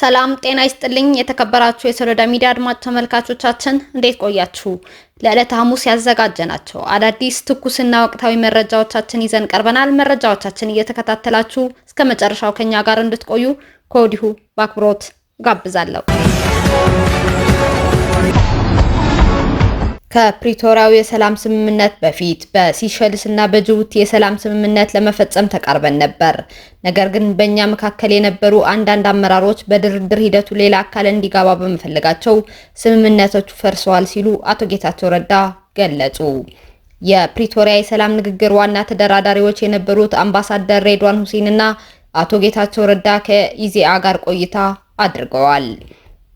ሰላም ጤና ይስጥልኝ። የተከበራችሁ የሶሎዳ ሚዲያ አድማጭ ተመልካቾቻችን እንዴት ቆያችሁ? ለዕለት ሐሙስ ናቸው አዳዲስ ትኩስና ወቅታዊ መረጃዎቻችን ይዘን ቀርበናል። መረጃዎቻችን እየተከታተላችሁ እስከ መጨረሻው ከኛ ጋር እንድትቆዩ ከወዲሁ በአክብሮት ጋብዛለሁ። ከፕሪቶሪያው የሰላም ስምምነት በፊት በሲሸልስ እና በጅቡቲ የሰላም ስምምነት ለመፈጸም ተቃርበን ነበር። ነገር ግን በእኛ መካከል የነበሩ አንዳንድ አመራሮች በድርድር ሂደቱ ሌላ አካል እንዲገባ በመፈለጋቸው ስምምነቶቹ ፈርሰዋል ሲሉ አቶ ጌታቸው ረዳ ገለጹ። የፕሪቶሪያ የሰላም ንግግር ዋና ተደራዳሪዎች የነበሩት አምባሳደር ሬድዋን ሁሴን እና አቶ ጌታቸው ረዳ ከኢዜአ ጋር ቆይታ አድርገዋል።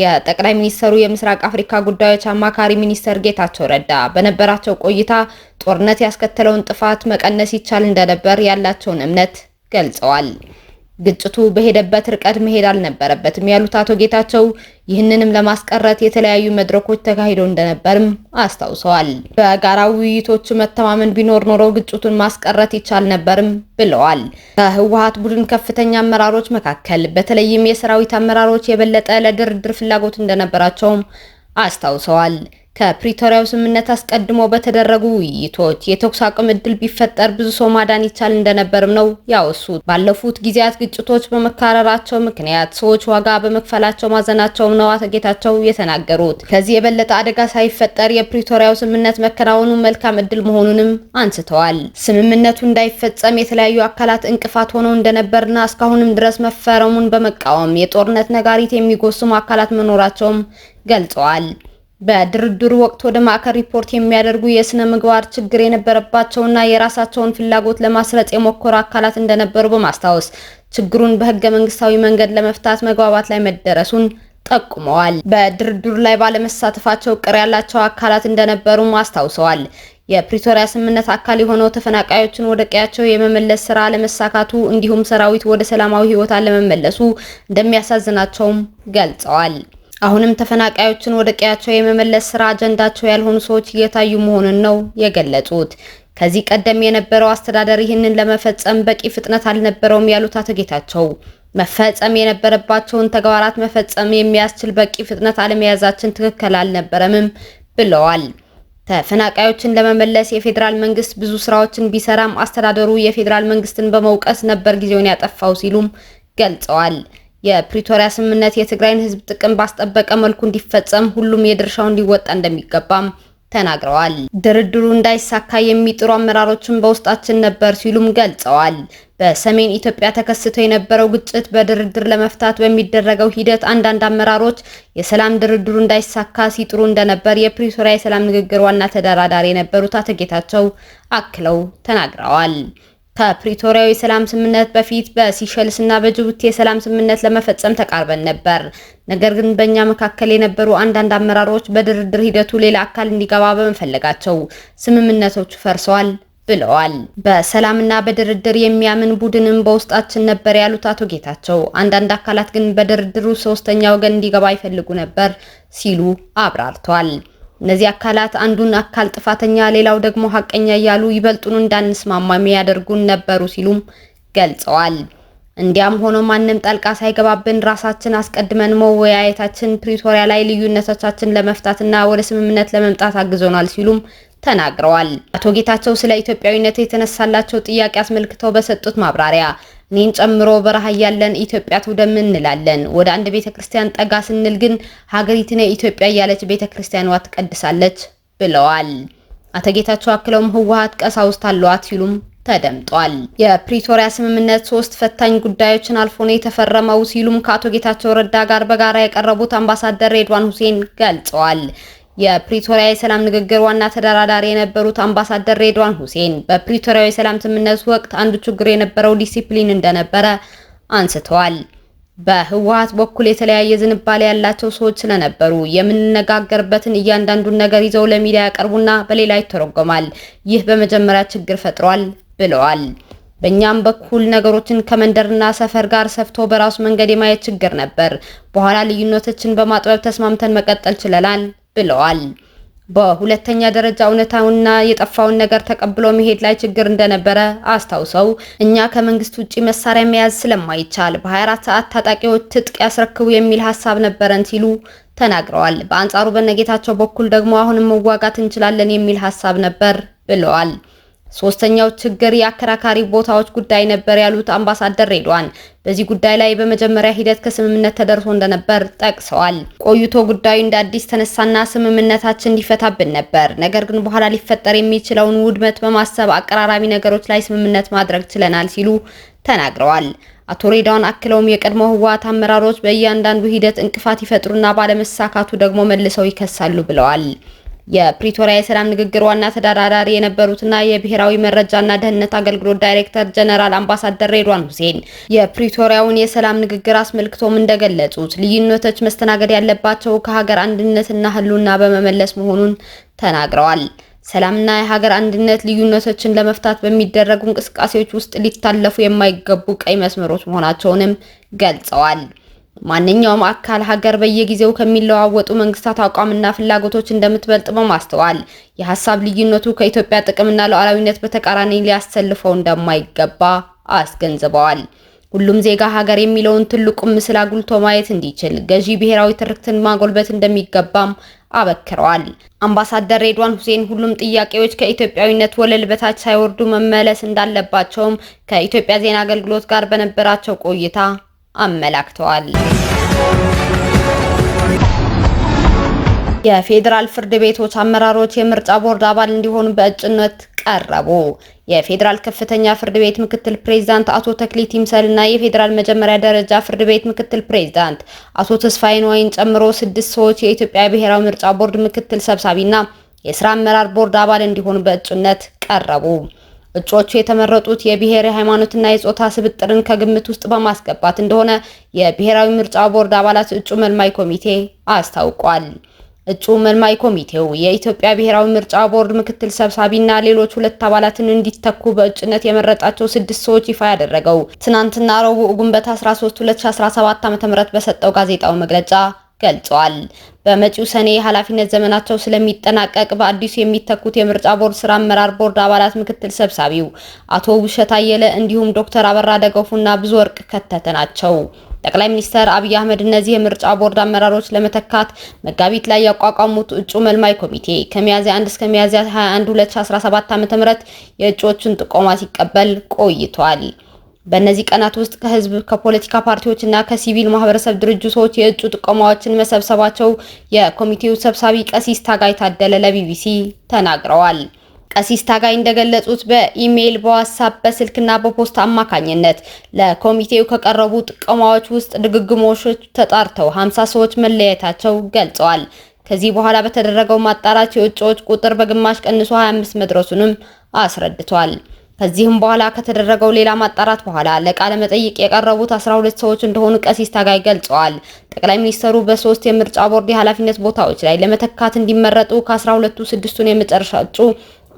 የጠቅላይ ሚኒስትሩ የምስራቅ አፍሪካ ጉዳዮች አማካሪ ሚኒስትር ጌታቸው ረዳ በነበራቸው ቆይታ ጦርነት ያስከተለውን ጥፋት መቀነስ ይቻል እንደነበር ያላቸውን እምነት ገልጸዋል። ግጭቱ በሄደበት ርቀት መሄድ አልነበረበትም ያሉት አቶ ጌታቸው ይህንንም ለማስቀረት የተለያዩ መድረኮች ተካሂደው እንደነበርም አስታውሰዋል። በጋራ ውይይቶቹ መተማመን ቢኖር ኖሮ ግጭቱን ማስቀረት ይቻል ነበርም ብለዋል። ከህወሀት ቡድን ከፍተኛ አመራሮች መካከል በተለይም የሰራዊት አመራሮች የበለጠ ለድርድር ፍላጎት እንደነበራቸውም አስታውሰዋል። ከፕሪቶሪያው ስምምነት አስቀድሞ በተደረጉ ውይይቶች የተኩስ አቁም እድል ቢፈጠር ብዙ ሰው ማዳን ይቻል እንደነበርም ነው ያወሱት። ባለፉት ጊዜያት ግጭቶች በመካረራቸው ምክንያት ሰዎች ዋጋ በመክፈላቸው ማዘናቸውም ነው አቶ ጌታቸው የተናገሩት። ከዚህ የበለጠ አደጋ ሳይፈጠር የፕሪቶሪያው ስምምነት መከናወኑ መልካም እድል መሆኑንም አንስተዋል። ስምምነቱ እንዳይፈጸም የተለያዩ አካላት እንቅፋት ሆነው እንደነበርና እስካሁንም ድረስ መፈረሙን በመቃወም የጦርነት ነጋሪት የሚጎስሙ አካላት መኖራቸውም ገልጸዋል። በድርድሩ ወቅት ወደ ማዕከል ሪፖርት የሚያደርጉ የስነ ምግባር ችግር የነበረባቸውና የራሳቸውን ፍላጎት ለማስረጽ የሞከሩ አካላት እንደነበሩ በማስታወስ ችግሩን በህገ መንግስታዊ መንገድ ለመፍታት መግባባት ላይ መደረሱን ጠቁመዋል። በድርድሩ ላይ ባለመሳተፋቸው ቅር ያላቸው አካላት እንደነበሩም አስታውሰዋል። የፕሪቶሪያ ስምምነት አካል የሆነው ተፈናቃዮችን ወደ ቀያቸው የመመለስ ስራ ለመሳካቱ እንዲሁም ሰራዊት ወደ ሰላማዊ ህይወት አለመመለሱ እንደሚያሳዝናቸውም ገልጸዋል። አሁንም ተፈናቃዮችን ወደ ቀያቸው የመመለስ ስራ አጀንዳቸው ያልሆኑ ሰዎች እየታዩ መሆኑን ነው የገለጹት። ከዚህ ቀደም የነበረው አስተዳደር ይህንን ለመፈጸም በቂ ፍጥነት አልነበረውም ያሉት አቶ ጌታቸው መፈጸም የነበረባቸውን ተግባራት መፈጸም የሚያስችል በቂ ፍጥነት አለመያዛችን ትክክል አልነበረምም ብለዋል። ተፈናቃዮችን ለመመለስ የፌዴራል መንግስት ብዙ ስራዎችን ቢሰራም አስተዳደሩ የፌዴራል መንግስትን በመውቀስ ነበር ጊዜውን ያጠፋው ሲሉም ገልጸዋል። የፕሪቶሪያ ስምምነት የትግራይን ህዝብ ጥቅም ባስጠበቀ መልኩ እንዲፈጸም ሁሉም የድርሻው እንዲወጣ እንደሚገባም ተናግረዋል። ድርድሩ እንዳይሳካ የሚጥሩ አመራሮችን በውስጣችን ነበር ሲሉም ገልጸዋል። በሰሜን ኢትዮጵያ ተከስቶ የነበረው ግጭት በድርድር ለመፍታት በሚደረገው ሂደት አንዳንድ አመራሮች የሰላም ድርድሩ እንዳይሳካ ሲጥሩ እንደነበር የፕሪቶሪያ የሰላም ንግግር ዋና ተደራዳሪ የነበሩት አቶ ጌታቸው አክለው ተናግረዋል። ከፕሪቶሪያዊ የሰላም ስምምነት በፊት በሲሸልስ እና በጅቡቲ የሰላም ስምምነት ለመፈጸም ተቃርበን ነበር። ነገር ግን በእኛ መካከል የነበሩ አንዳንድ አመራሮች በድርድር ሂደቱ ሌላ አካል እንዲገባ በመፈለጋቸው ስምምነቶቹ ፈርሰዋል ብለዋል። በሰላምና በድርድር የሚያምን ቡድንም በውስጣችን ነበር ያሉት አቶ ጌታቸው አንዳንድ አካላት ግን በድርድሩ ሶስተኛ ወገን እንዲገባ ይፈልጉ ነበር ሲሉ አብራርተዋል። እነዚህ አካላት አንዱን አካል ጥፋተኛ፣ ሌላው ደግሞ ሀቀኛ እያሉ ይበልጡን እንዳንስማማ የሚያደርጉን ነበሩ ሲሉም ገልጸዋል። እንዲያም ሆኖ ማንም ጣልቃ ሳይገባብን ራሳችን አስቀድመን መወያየታችን ፕሪቶሪያ ላይ ልዩነቶቻችን ለመፍታትና ወደ ስምምነት ለመምጣት አግዞናል ሲሉም ተናግረዋል። አቶ ጌታቸው ስለ ኢትዮጵያዊነት የተነሳላቸው ጥያቄ አስመልክተው በሰጡት ማብራሪያ እኔን ጨምሮ በረሃ ያለን ኢትዮጵያ ትውደም እንላለን። ወደ አንድ ቤተ ክርስቲያን ጠጋ ስንል ግን ሀገሪትን ኢትዮጵያ እያለች ቤተ ክርስቲያኗ ትቀድሳለች ብለዋል። አተጌታቸው አክለውም ህወሀት ቀሳውስት አለዋት ሲሉም ተደምጧል። የፕሪቶሪያ ስምምነት ሶስት ፈታኝ ጉዳዮችን አልፎ ነው የተፈረመው ሲሉም ከአቶ ጌታቸው ረዳ ጋር በጋራ የቀረቡት አምባሳደር ሬድዋን ሁሴን ገልጸዋል። የፕሪቶሪያ የሰላም ንግግር ዋና ተደራዳሪ የነበሩት አምባሳደር ሬድዋን ሁሴን በፕሪቶሪያ የሰላም ስምምነት ወቅት አንዱ ችግር የነበረው ዲሲፕሊን እንደነበረ አንስተዋል። በህወሀት በኩል የተለያየ ዝንባሌ ያላቸው ሰዎች ስለነበሩ የምንነጋገርበትን እያንዳንዱን ነገር ይዘው ለሚዲያ ያቀርቡና በሌላ ይተረጎማል። ይህ በመጀመሪያ ችግር ፈጥሯል ብለዋል። በእኛም በኩል ነገሮችን ከመንደርና ሰፈር ጋር ሰፍቶ በራሱ መንገድ የማየት ችግር ነበር። በኋላ ልዩነቶችን በማጥበብ ተስማምተን መቀጠል ችለናል ብለዋል። በሁለተኛ ደረጃ እውነታውና የጠፋውን ነገር ተቀብሎ መሄድ ላይ ችግር እንደነበረ አስታውሰው እኛ ከመንግስት ውጭ መሳሪያ መያዝ ስለማይቻል በ24 ሰዓት ታጣቂዎች ትጥቅ ያስረክቡ የሚል ሀሳብ ነበረን ሲሉ ተናግረዋል። በአንጻሩ በነጌታቸው በኩል ደግሞ አሁንም መዋጋት እንችላለን የሚል ሀሳብ ነበር ብለዋል። ሶስተኛው ችግር የአከራካሪ ቦታዎች ጉዳይ ነበር ያሉት አምባሳደር ሬድዋን በዚህ ጉዳይ ላይ በመጀመሪያ ሂደት ከስምምነት ተደርሶ እንደነበር ጠቅሰዋል። ቆይቶ ጉዳዩ እንደ አዲስ ተነሳና ስምምነታችን ሊፈታብን ነበር፣ ነገር ግን በኋላ ሊፈጠር የሚችለውን ውድመት በማሰብ አቀራራቢ ነገሮች ላይ ስምምነት ማድረግ ችለናል ሲሉ ተናግረዋል። አቶ ሬዳውን አክለውም የቀድሞ ህወሓት አመራሮች በእያንዳንዱ ሂደት እንቅፋት ይፈጥሩና ባለመሳካቱ ደግሞ መልሰው ይከሳሉ ብለዋል። የፕሪቶሪያ የሰላም ንግግር ዋና ተደራዳሪ የነበሩትና የብሔራዊ መረጃና ደህንነት አገልግሎት ዳይሬክተር ጀነራል አምባሳደር ሬድዋን ሁሴን የፕሪቶሪያውን የሰላም ንግግር አስመልክቶም እንደገለጹት ልዩነቶች መስተናገድ ያለባቸው ከሀገር አንድነትና ሕልውና በመመለስ መሆኑን ተናግረዋል። ሰላምና የሀገር አንድነት ልዩነቶችን ለመፍታት በሚደረጉ እንቅስቃሴዎች ውስጥ ሊታለፉ የማይገቡ ቀይ መስመሮች መሆናቸውንም ገልጸዋል። ማንኛውም አካል ሀገር በየጊዜው ከሚለዋወጡ መንግስታት አቋምና ፍላጎቶች እንደምትበልጥ በማስተዋል የሀሳብ ልዩነቱ ከኢትዮጵያ ጥቅምና ሉዓላዊነት በተቃራኒ ሊያሰልፈው እንደማይገባ አስገንዝበዋል። ሁሉም ዜጋ ሀገር የሚለውን ትልቁ ምስል አጉልቶ ማየት እንዲችል ገዢ ብሔራዊ ትርክትን ማጎልበት እንደሚገባም አበክረዋል። አምባሳደር ሬድዋን ሁሴን ሁሉም ጥያቄዎች ከኢትዮጵያዊነት ወለል በታች ሳይወርዱ መመለስ እንዳለባቸውም ከኢትዮጵያ ዜና አገልግሎት ጋር በነበራቸው ቆይታ አመላክተዋል። የፌዴራል ፍርድ ቤቶች አመራሮች የምርጫ ቦርድ አባል እንዲሆኑ በእጭነት ቀረቡ። የፌዴራል ከፍተኛ ፍርድ ቤት ምክትል ፕሬዝዳንት አቶ ተክሊ ቲምሰል እና የፌዴራል መጀመሪያ ደረጃ ፍርድ ቤት ምክትል ፕሬዝዳንት አቶ ተስፋይን ወይን ጨምሮ ስድስት ሰዎች የኢትዮጵያ ብሔራዊ ምርጫ ቦርድ ምክትል ሰብሳቢና የስራ አመራር ቦርድ አባል እንዲሆኑ በእጩነት ቀረቡ። እጩዎቹ የተመረጡት የብሔር የሃይማኖትና የጾታ ስብጥርን ከግምት ውስጥ በማስገባት እንደሆነ የብሔራዊ ምርጫ ቦርድ አባላት እጩ መልማይ ኮሚቴ አስታውቋል። እጩ መልማይ ኮሚቴው የኢትዮጵያ ብሔራዊ ምርጫ ቦርድ ምክትል ሰብሳቢና ሌሎች ሁለት አባላትን እንዲተኩ በእጭነት የመረጣቸው ስድስት ሰዎች ይፋ ያደረገው ትናንትና ረቡዕ ግንቦት 13 2017 ዓ.ም በሰጠው ጋዜጣዊ መግለጫ ገልጸዋል። በመጪው ሰኔ የኃላፊነት ዘመናቸው ስለሚጠናቀቅ በአዲሱ የሚተኩት የምርጫ ቦርድ ስራ አመራር ቦርድ አባላት ምክትል ሰብሳቢው አቶ ውብሸት አየለ እንዲሁም ዶክተር አበራ ደገፉና ብዙ ወርቅ ከተተ ናቸው። ጠቅላይ ሚኒስትር አብይ አህመድ እነዚህ የምርጫ ቦርድ አመራሮች ለመተካት መጋቢት ላይ ያቋቋሙት እጩ መልማይ ኮሚቴ ከሚያዝያ 1 እስከ ሚያዝያ 21 2017 ዓ.ም የእጩዎቹን ጥቆማ ሲቀበል ቆይቷል። በእነዚህ ቀናት ውስጥ ከህዝብ ከፖለቲካ እና ከሲቪል ማህበረሰብ ድርጅቶች የእጩ ጥቆማዎችን መሰብሰባቸው የኮሚቴው ሰብሳቢ ቀሲስ ታጋይ ታደለ ለቢቢሲ ተናግረዋል። ቀሲስ ታጋይ እንደገለጹት በኢሜይል፣ በዋትሳፕ፣ በስልክና በፖስት አማካኝነት ለኮሚቴው ከቀረቡ ጥቆማዎች ውስጥ ድግግሞሾች ተጣርተው ሀምሳ ሰዎች መለየታቸው ገልጸዋል። ከዚህ በኋላ በተደረገው ማጣራት የእጩዎች ቁጥር በግማሽ ቀንሶ 25 መድረሱንም አስረድቷል። ከዚህም በኋላ ከተደረገው ሌላ ማጣራት በኋላ ለቃለ መጠይቅ የቀረቡት 12 ሰዎች እንደሆኑ ቀሲስ ታጋይ ገልጸዋል። ጠቅላይ ሚኒስተሩ በሶስት የምርጫ ቦርድ የኃላፊነት ቦታዎች ላይ ለመተካት እንዲመረጡ ከ12ቱ ስድስቱን የመጨረሻ እጩ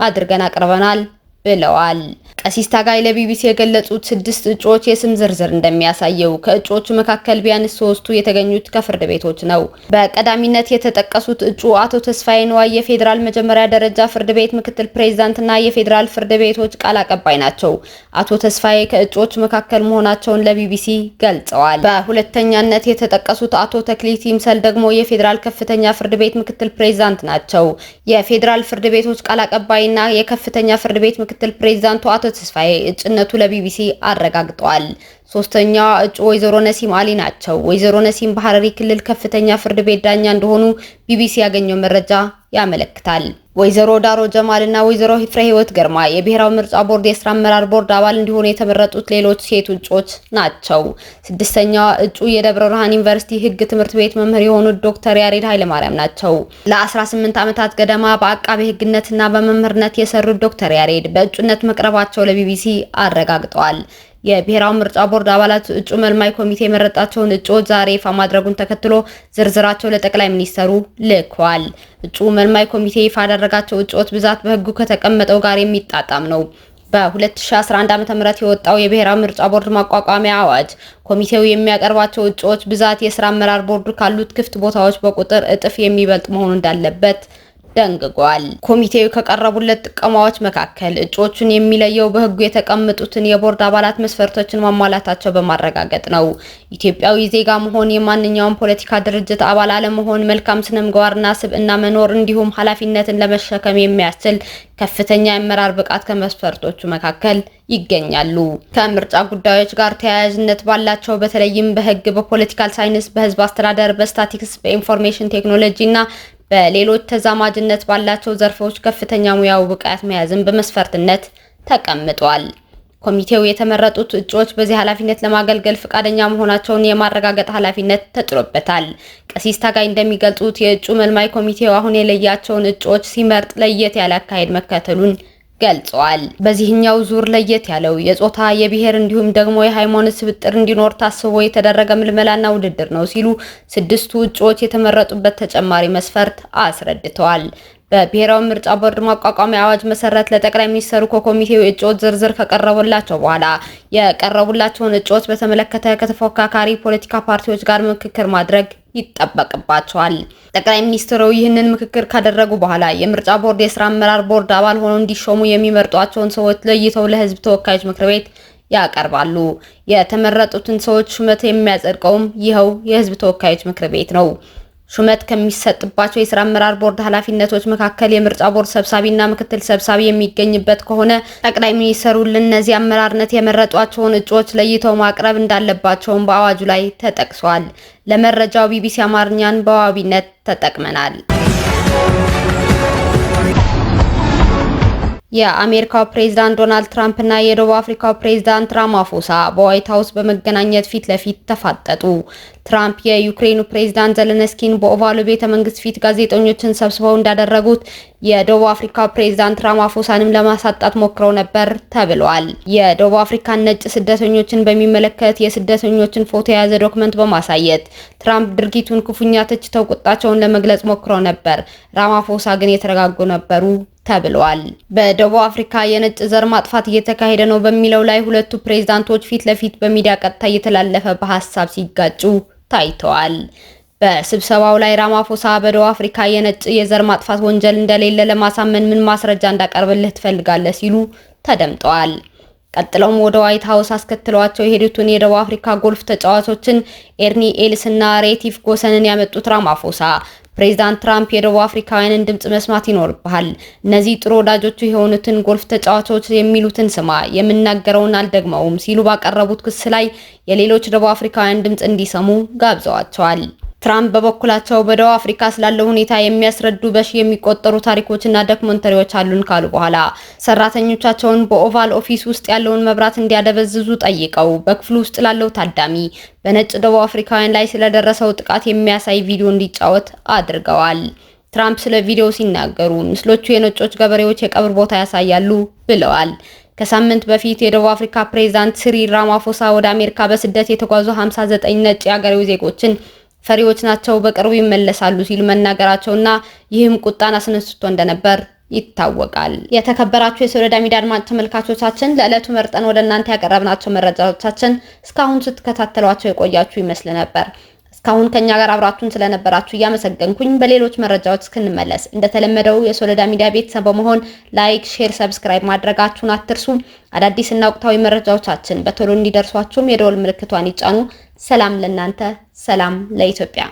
አድርገን አቅርበናል። ብለዋል። ቀሲስ ታጋይ ለቢቢሲ የገለጹት ስድስት እጩዎች የስም ዝርዝር እንደሚያሳየው ከእጩዎቹ መካከል ቢያንስ ሶስቱ የተገኙት ከፍርድ ቤቶች ነው። በቀዳሚነት የተጠቀሱት እጩ አቶ ተስፋዬ ንዋይ የፌዴራል መጀመሪያ ደረጃ ፍርድ ቤት ምክትል ፕሬዚዳንትና የፌዴራል ፍርድ ቤቶች ቃል አቀባይ ናቸው። አቶ ተስፋዬ ከእጩዎች መካከል መሆናቸውን ለቢቢሲ ገልጸዋል። በሁለተኛነት የተጠቀሱት አቶ ተክሊት ይምሰል ደግሞ የፌዴራል ከፍተኛ ፍርድ ቤት ምክትል ፕሬዚዳንት ናቸው። የፌዴራል ፍርድ ቤቶች ቃል አቀባይና የከፍተኛ ፍርድ ቤት ምክትል ፕሬዚዳንቱ አቶ ተስፋዬ እጩነቱ ለቢቢሲ አረጋግጠዋል። ሶስተኛዋ እጩ ወይዘሮ ነሲም አሊ ናቸው። ወይዘሮ ነሲም በሐረሪ ክልል ከፍተኛ ፍርድ ቤት ዳኛ እንደሆኑ ቢቢሲ ያገኘው መረጃ ያመለክታል። ወይዘሮ ዳሮ ጀማል እና ወይዘሮ ፍሬ ህይወት ገርማ የብሔራዊ ምርጫ ቦርድ የስራ አመራር ቦርድ አባል እንዲሆኑ የተመረጡት ሌሎች ሴት እጩዎች ናቸው። ስድስተኛ እጩ የደብረ ብርሃን ዩኒቨርሲቲ ህግ ትምህርት ቤት መምህር የሆኑት ዶክተር ያሬድ ኃይለማርያም ናቸው። ለ18 ዓመታት ገደማ በአቃቤ ህግነትና በመምህርነት የሰሩት ዶክተር ያሬድ በእጩነት መቅረባቸው ለቢቢሲ አረጋግጠዋል። የብሔራዊ ምርጫ ቦርድ አባላት እጩ መልማይ ኮሚቴ የመረጣቸውን እጩዎች ዛሬ ይፋ ማድረጉን ተከትሎ ዝርዝራቸው ለጠቅላይ ሚኒስተሩ ልኳል። እጩ መልማይ ኮሚቴ ይፋ ያደረጋቸው እጩዎች ብዛት በህጉ ከተቀመጠው ጋር የሚጣጣም ነው። በ2011 ዓ.ም የወጣው የብሔራዊ ምርጫ ቦርድ ማቋቋሚያ አዋጅ ኮሚቴው የሚያቀርባቸው እጩዎች ብዛት የስራ አመራር ቦርዱ ካሉት ክፍት ቦታዎች በቁጥር እጥፍ የሚበልጥ መሆኑ እንዳለበት ደንግጓል። ኮሚቴው ከቀረቡለት ጥቆማዎች መካከል እጩዎቹን የሚለየው በህጉ የተቀመጡትን የቦርድ አባላት መስፈርቶችን ማሟላታቸው በማረጋገጥ ነው። ኢትዮጵያዊ ዜጋ መሆን፣ የማንኛውም ፖለቲካ ድርጅት አባል አለመሆን፣ መልካም ስነ ምግባርና ስብዕና መኖር እንዲሁም ኃላፊነትን ለመሸከም የሚያስችል ከፍተኛ የአመራር ብቃት ከመስፈርቶቹ መካከል ይገኛሉ። ከምርጫ ጉዳዮች ጋር ተያያዥነት ባላቸው በተለይም በህግ፣ በፖለቲካል ሳይንስ፣ በህዝብ አስተዳደር፣ በስታቲክስ፣ በኢንፎርሜሽን ቴክኖሎጂ እና በሌሎች ተዛማጅነት ባላቸው ዘርፎች ከፍተኛ ሙያው ብቃት መያዝን በመስፈርትነት ተቀምጧል። ኮሚቴው የተመረጡት እጩዎች በዚህ ኃላፊነት ለማገልገል ፈቃደኛ መሆናቸውን የማረጋገጥ ኃላፊነት ተጥሎበታል። ቀሲስ ታጋይ እንደሚገልጹት የእጩ መልማይ ኮሚቴው አሁን የለያቸውን እጩዎች ሲመርጥ ለየት ያለ አካሄድ መከተሉን ገልጸዋል። በዚህኛው ዙር ለየት ያለው የጾታ የብሔር እንዲሁም ደግሞ የሃይማኖት ስብጥር እንዲኖር ታስቦ የተደረገ ምልመላና ውድድር ነው ሲሉ ስድስቱ እጩዎች የተመረጡበት ተጨማሪ መስፈርት አስረድተዋል። በብሔራዊ ምርጫ ቦርድ ማቋቋሚያ አዋጅ መሰረት ለጠቅላይ ሚኒስትሩ ከኮሚቴው እጩዎች ዝርዝር ከቀረበላቸው በኋላ የቀረቡላቸውን እጩዎች በተመለከተ ከተፎካካሪ ፖለቲካ ፓርቲዎች ጋር ምክክር ማድረግ ይጠበቅባቸዋል። ጠቅላይ ሚኒስትሩ ይህንን ምክክር ካደረጉ በኋላ የምርጫ ቦርድ የስራ አመራር ቦርድ አባል ሆነው እንዲሾሙ የሚመርጧቸውን ሰዎች ለይተው ለህዝብ ተወካዮች ምክር ቤት ያቀርባሉ። የተመረጡትን ሰዎች ሹመት የሚያጸድቀውም ይኸው የህዝብ ተወካዮች ምክር ቤት ነው። ሹመት ከሚሰጥባቸው የስራ አመራር ቦርድ ኃላፊነቶች መካከል የምርጫ ቦርድ ሰብሳቢና ምክትል ሰብሳቢ የሚገኝበት ከሆነ ጠቅላይ ሚኒስትሩ ለእነዚህ አመራርነት የመረጧቸውን እጩዎች ለይተው ማቅረብ እንዳለባቸውም በአዋጁ ላይ ተጠቅሷል። ለመረጃው ቢቢሲ አማርኛን በዋቢነት ተጠቅመናል። የአሜሪካው ፕሬዝዳንት ዶናልድ ትራምፕ እና የደቡብ አፍሪካው ፕሬዝዳንት ራማፎሳ በዋይት ሀውስ በመገናኘት ፊት ለፊት ተፋጠጡ። ትራምፕ የዩክሬኑ ፕሬዝዳንት ዘለንስኪን በኦቫሉ ቤተ መንግስት ፊት ጋዜጠኞችን ሰብስበው እንዳደረጉት የደቡብ አፍሪካ ፕሬዝዳንት ራማፎሳንም ለማሳጣት ሞክረው ነበር ተብሏል። የደቡብ አፍሪካን ነጭ ስደተኞችን በሚመለከት የስደተኞችን ፎቶ የያዘ ዶክመንት በማሳየት ትራምፕ ድርጊቱን ክፉኛ ተችተው ቁጣቸውን ለመግለጽ ሞክረው ነበር። ራማፎሳ ግን የተረጋጉ ነበሩ ተብሏል። በደቡብ አፍሪካ የነጭ ዘር ማጥፋት እየተካሄደ ነው በሚለው ላይ ሁለቱ ፕሬዝዳንቶች ፊት ለፊት በሚዲያ ቀጥታ እየተላለፈ በሀሳብ ሲጋጩ ታይተዋል። በስብሰባው ላይ ራማፎሳ በደቡብ አፍሪካ የነጭ የዘር ማጥፋት ወንጀል እንደሌለ ለማሳመን ምን ማስረጃ እንዳቀርብልህ ትፈልጋለህ ሲሉ ተደምጠዋል። ቀጥለውም ወደ ዋይት ሀውስ አስከትለዋቸው የሄዱትን የደቡብ አፍሪካ ጎልፍ ተጫዋቾችን ኤርኒ ኤልስ እና ሬቲፍ ጎሰንን ያመጡት ራማፎሳ ፕሬዚዳንት ትራምፕ የደቡብ አፍሪካውያንን ድምፅ መስማት ይኖርብሃል፣ እነዚህ ጥሩ ወዳጆቹ የሆኑትን ጎልፍ ተጫዋቾች የሚሉትን ስማ፣ የምናገረውን አልደግመውም ሲሉ ባቀረቡት ክስ ላይ የሌሎች ደቡብ አፍሪካውያን ድምፅ እንዲሰሙ ጋብዘዋቸዋል። ትራምፕ በበኩላቸው በደቡብ አፍሪካ ስላለው ሁኔታ የሚያስረዱ በሺ የሚቆጠሩ ታሪኮችና ዶክመንተሪዎች አሉን ካሉ በኋላ ሰራተኞቻቸውን በኦቫል ኦፊስ ውስጥ ያለውን መብራት እንዲያደበዝዙ ጠይቀው በክፍሉ ውስጥ ላለው ታዳሚ በነጭ ደቡብ አፍሪካውያን ላይ ስለደረሰው ጥቃት የሚያሳይ ቪዲዮ እንዲጫወት አድርገዋል። ትራምፕ ስለ ቪዲዮ ሲናገሩ ምስሎቹ የነጮች ገበሬዎች የቀብር ቦታ ያሳያሉ ብለዋል። ከሳምንት በፊት የደቡብ አፍሪካ ፕሬዝዳንት ሲሪል ራማፎሳ ወደ አሜሪካ በስደት የተጓዙ 59 ነጭ የአገሬው ዜጎችን ፈሪዎች ናቸው፣ በቅርቡ ይመለሳሉ ሲሉ መናገራቸውና ይህም ቁጣን አስነስቶ እንደነበር ይታወቃል። የተከበራችሁ የሶሎዳ ሚዲያ አድማጭ ተመልካቾቻችን ለዕለቱ መርጠን ወደ እናንተ ያቀረብናቸው መረጃዎቻችን እስካሁን ስትከታተሏቸው የቆያችሁ ይመስል ነበር። እስካሁን ከኛ ጋር አብራችሁን ስለነበራችሁ እያመሰገንኩኝ በሌሎች መረጃዎች እስክንመለስ እንደተለመደው የሶሎዳ ሚዲያ ቤተሰብ በመሆን ላይክ፣ ሼር፣ ሰብስክራይብ ማድረጋችሁን አትርሱ። አዳዲስና ወቅታዊ መረጃዎቻችን በቶሎ እንዲደርሷችሁም የደወል ምልክቷን ይጫኑ። ሰላም ለእናንተ፣ ሰላም ለኢትዮጵያ።